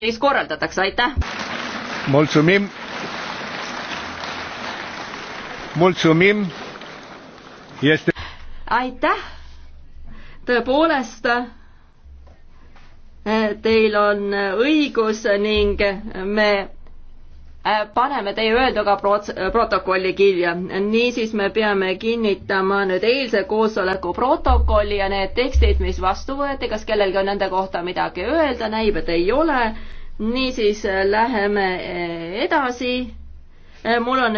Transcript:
siis korraldatakse, aitäh. Mulțumim. Mulțumim. Este... aitäh. tõepoolest, eh, teil on õigus ning me Äh, paneme teie öelduga äh, protokolli kirja. niisiis me peame kinnitama nüüd eilse koosoleku protokolli ja need tekstid, mis vastu võeti, kas kellelgi on nende kohta midagi öelda, näib, et ei ole. niisiis äh, läheme edasi. mul on